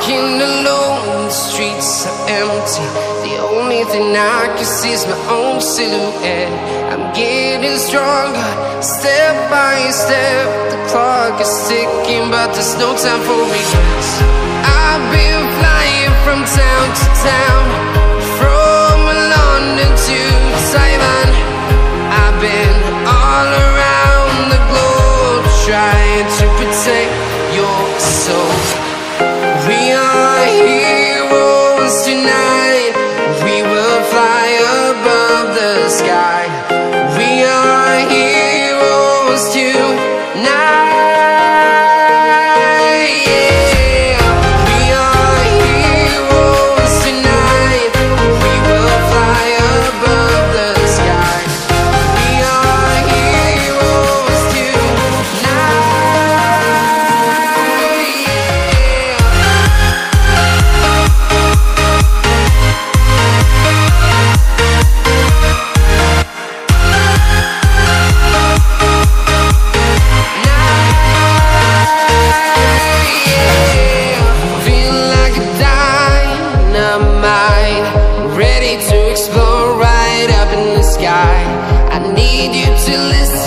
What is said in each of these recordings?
walking alone, the streets are empty. The only thing I can see is my own silhouette. I'm getting stronger, step by step. The clock is ticking, but there's no time for regrets. I've been flying from town to town.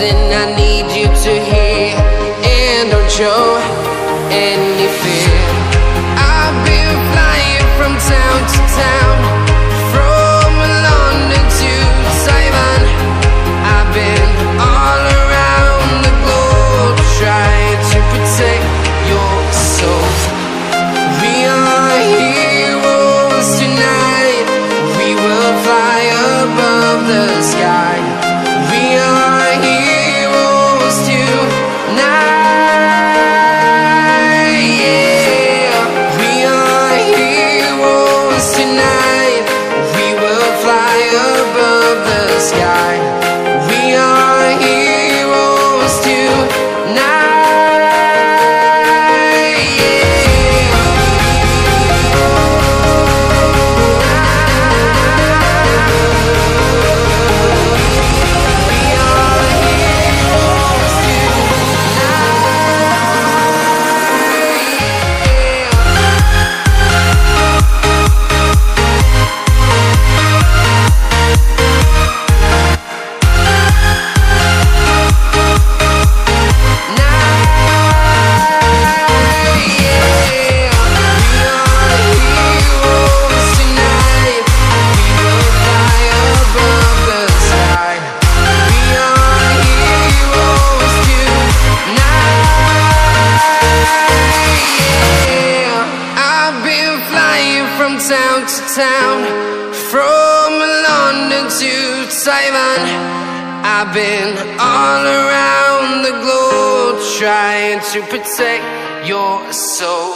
something I need you to hear And don't show any town to town, from London to Taiwan. I've been all around the globe trying to protect your soul.